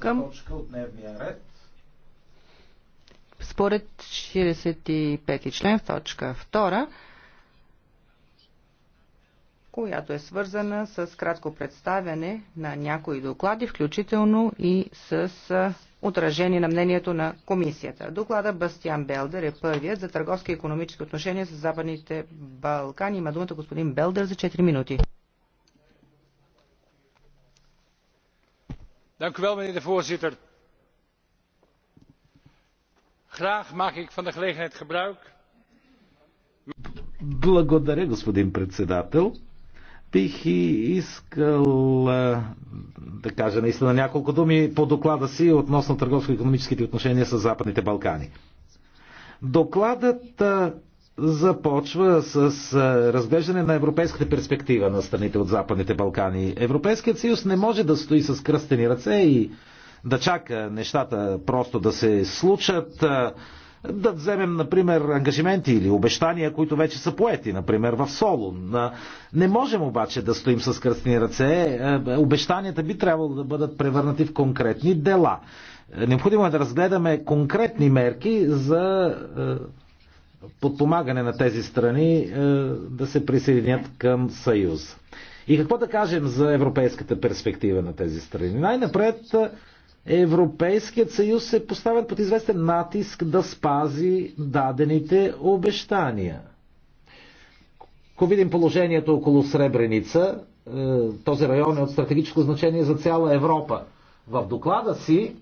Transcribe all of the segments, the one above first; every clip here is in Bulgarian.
към... точка от дневния ред. Според 45 член в точка 2, която е свързана с кратко представяне на някои доклади, включително и с отражение на мнението на комисията. Доклада Бастиан Белдер е първият за търговски и економически отношения с Западните Балкани. Има думата господин Белдер за 4 минути. voorzitter graag maak ik van de gelegenheid gebruik. Благодаря, господин председател. Бих и искал да кажа наистина няколко думи по доклада си относно търговско-економическите отношения с Западните Балкани. Докладът започва с разглеждане на европейската перспектива на страните от Западните Балкани. Европейският съюз не може да стои с кръстени ръце и да чака нещата просто да се случат. Да вземем, например, ангажименти или обещания, които вече са поети, например, в Солун. Не можем обаче да стоим с кръстни ръце. Обещанията би трябвало да бъдат превърнати в конкретни дела. Необходимо е да разгледаме конкретни мерки за подпомагане на тези страни е, да се присъединят към Съюз. И какво да кажем за европейската перспектива на тези страни? Най-напред е, Европейският съюз е поставен под известен натиск да спази дадените обещания. Ако видим положението около Сребреница, е, този район е от стратегическо значение за цяла Европа. В доклада си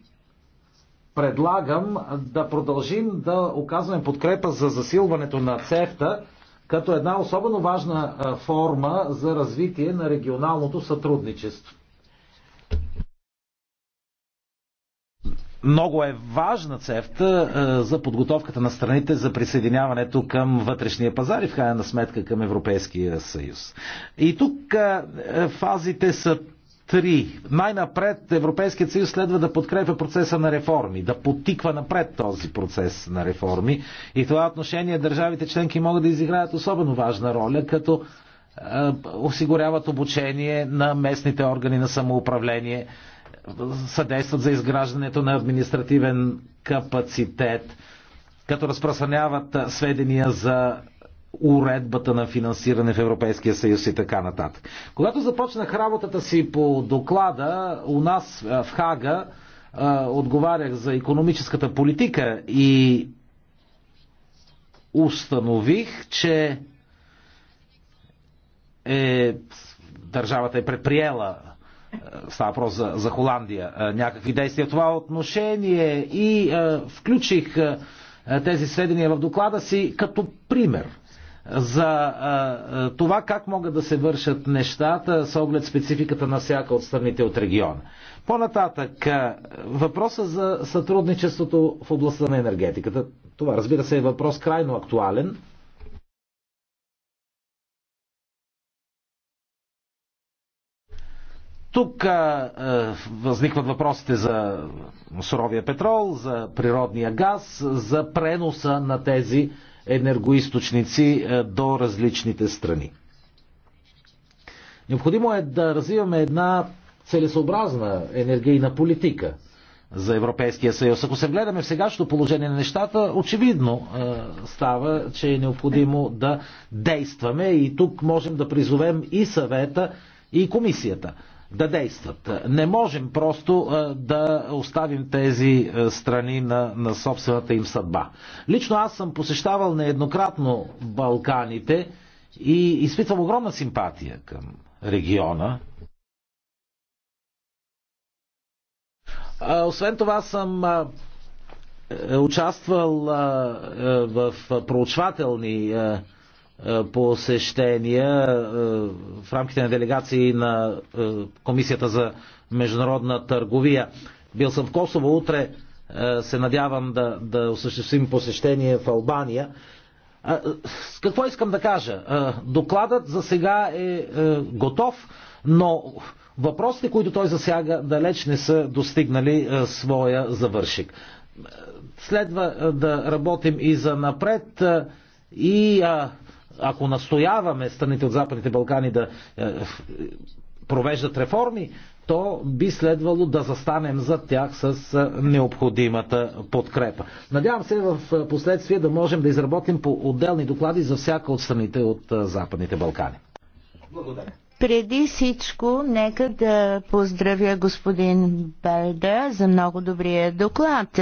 предлагам да продължим да оказваме подкрепа за засилването на ЦЕФТА като една особено важна форма за развитие на регионалното сътрудничество. Много е важна цефта за подготовката на страните за присъединяването към вътрешния пазар и в крайна сметка към Европейския съюз. И тук фазите са Три, Най-напред Европейският съюз следва да подкрепя процеса на реформи, да потиква напред този процес на реформи. И това отношение държавите членки могат да изиграят особено важна роля, като е, осигуряват обучение на местните органи на самоуправление, съдействат за изграждането на административен капацитет, като разпространяват сведения за уредбата на финансиране в Европейския съюз и така нататък. Когато започнах работата си по доклада, у нас в Хага отговарях за економическата политика и установих, че е, държавата е предприела става въпрос за, за Холандия, някакви действия в това отношение и е, включих е, тези сведения в доклада си като пример за това как могат да се вършат нещата с оглед спецификата на всяка от страните от региона. По-нататък, въпроса за сътрудничеството в областта на енергетиката. Това, разбира се, е въпрос крайно актуален. Тук а, а, възникват въпросите за суровия петрол, за природния газ, за преноса на тези енергоисточници е, до различните страни. Необходимо е да развиваме една целесообразна енергийна политика за Европейския съюз. Ако се гледаме в сегашното положение на нещата, очевидно е, става, че е необходимо да действаме и тук можем да призовем и съвета, и комисията да действат. Не можем просто да оставим тези страни на, на собствената им съдба. Лично аз съм посещавал нееднократно Балканите и изпитвам огромна симпатия към региона. Освен това съм е, участвал е, в проучвателни е, посещения е, в рамките на делегации на е, Комисията за международна търговия. Бил съм в Косово, утре се надявам да, да осъществим посещение в Албания. Какво искам да кажа? Докладът за сега е готов, но въпросите, които той засяга, далеч не са достигнали своя завършик. Следва да работим и за напред и а, ако настояваме страните от Западните Балкани да е, провеждат реформи, то би следвало да застанем за тях с е, необходимата подкрепа. Надявам се в е, последствие да можем да изработим по отделни доклади за всяка от страните от Западните Балкани. Благодаря. Преди всичко, нека да поздравя господин Белда за много добрия доклад.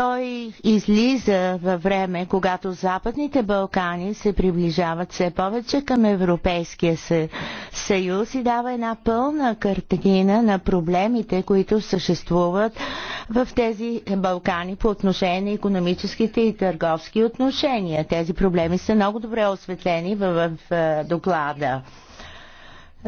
Той излиза във време, когато Западните Балкани се приближават все повече към Европейския съюз и дава една пълна картина на проблемите, които съществуват в тези Балкани по отношение на економическите и търговски отношения. Тези проблеми са много добре осветлени в, в доклада.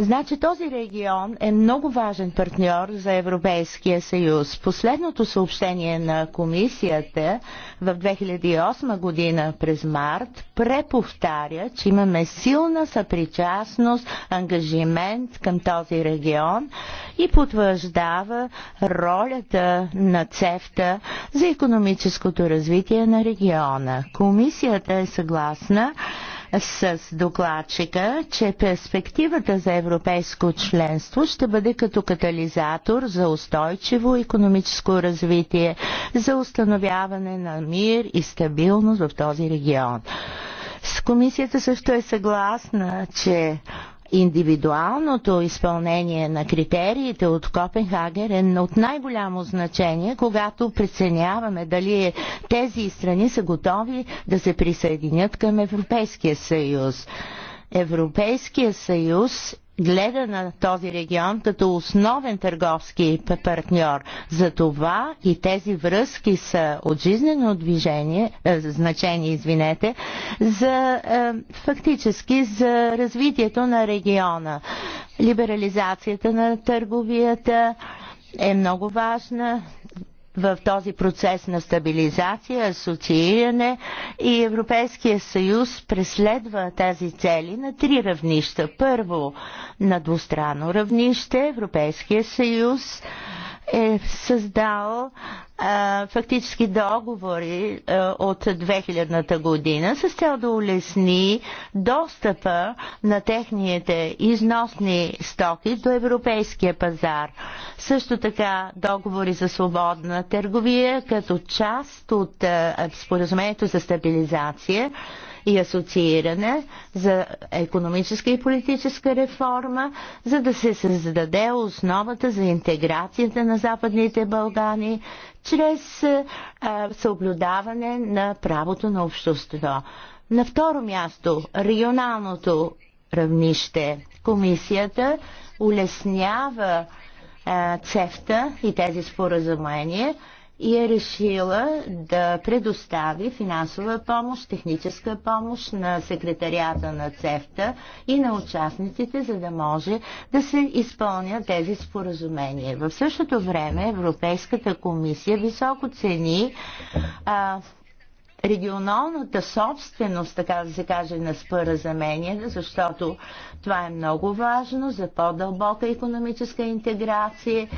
Значи този регион е много важен партньор за Европейския съюз. Последното съобщение на комисията в 2008 година през март преповтаря, че имаме силна съпричастност, ангажимент към този регион и потвърждава ролята на ЦЕФТА за економическото развитие на региона. Комисията е съгласна, с докладчика, че перспективата за европейско членство ще бъде като катализатор за устойчиво економическо развитие, за установяване на мир и стабилност в този регион. С комисията също е съгласна, че индивидуалното изпълнение на критериите от Копенхаген е от най-голямо значение, когато преценяваме дали е- тези страни са готови да се присъединят към Европейския съюз. Европейския съюз гледа на този регион като основен търговски партньор. Затова и тези връзки са от жизнено движение, е, значение, извинете, за е, фактически за развитието на региона. Либерализацията на търговията е много важна в този процес на стабилизация, асоцииране и Европейския съюз преследва тези цели на три равнища. Първо, на двустранно равнище Европейския съюз е създал а, фактически договори а, от 2000-та година с цел да улесни достъпа на техните износни стоки до европейския пазар. Също така договори за свободна търговия като част от а, споразумението за стабилизация и асоцииране, за економическа и политическа реформа, за да се създаде основата за интеграцията на Западните Балкани чрез е, съблюдаване на правото на обществото. На второ място, регионалното равнище. Комисията улеснява е, цефта и тези споразумения и е решила да предостави финансова помощ, техническа помощ на секретарията на ЦЕФТА и на участниците, за да може да се изпълнят тези споразумения. В същото време Европейската комисия високо цени а, регионалната собственост, така да се каже, на споразумение, защото това е много важно за по-дълбока економическа интеграция,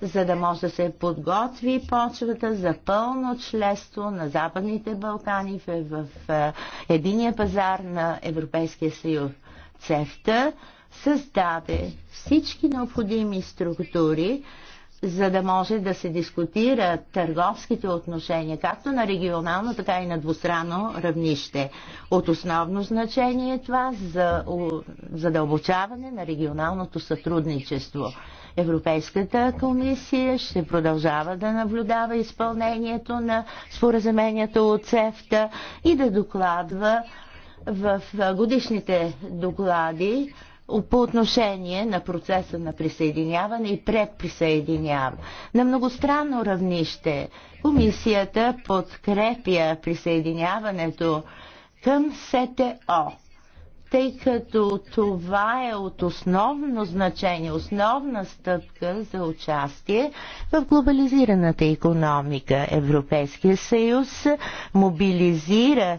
за да може да се подготви почвата за пълно членство на Западните Балкани в, в, в е, единия пазар на Европейския съюз. Цефта създаде всички необходими структури, за да може да се дискутира търговските отношения, както на регионално, така и на двустранно равнище. От основно значение е това за задълбочаване на регионалното сътрудничество. Европейската комисия ще продължава да наблюдава изпълнението на споразумението от СЕФТА и да докладва в годишните доклади по отношение на процеса на присъединяване и предприсъединяване. На многостранно равнище комисията подкрепя присъединяването към СТО, тъй като това е от основно значение, основна стъпка за участие в глобализираната економика. Европейския съюз мобилизира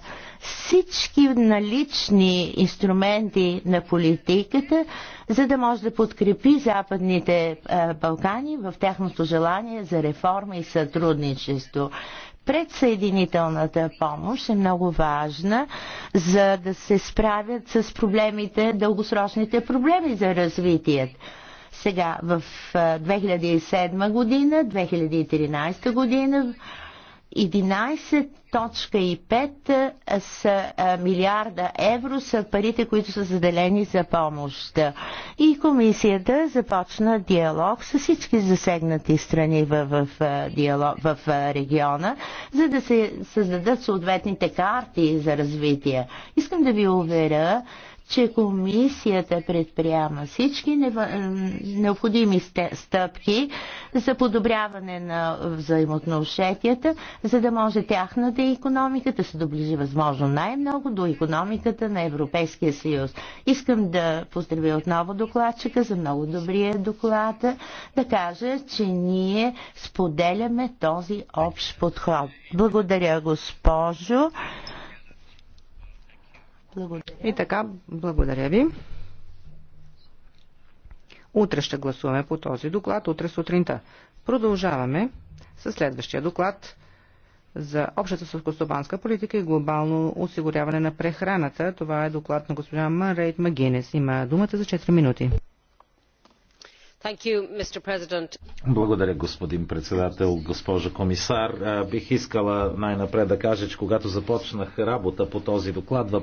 всички налични инструменти на политиката, за да може да подкрепи Западните е, Балкани в тяхното желание за реформа и сътрудничество. Предсъединителната помощ е много важна, за да се справят с проблемите, дългосрочните проблеми за развитие. Сега в 2007 е, година, 2013 година 11.5 са милиарда евро са парите, които са заделени за помощ. И комисията започна диалог с всички засегнати страни в, в, диалог, в региона, за да се създадат съответните карти за развитие. Искам да ви уверя, че комисията предприема всички необходими стъпки за подобряване на взаимоотношенията, за да може тяхната економика да се доближи възможно най-много до економиката на Европейския съюз. Искам да поздравя отново докладчика за много добрия доклад, да кажа, че ние споделяме този общ подход. Благодаря, госпожо. Благодаря. И така, благодаря ви. Утре ще гласуваме по този доклад, утре сутринта. Продължаваме с следващия доклад за общата селскостопанска политика и глобално осигуряване на прехраната. Това е доклад на госпожа Марейт Магинес. Има думата за 4 минути. Благодаря, господин председател, госпожо комисар. Бих искала най-напред да кажа, че когато започнах работа по този доклад,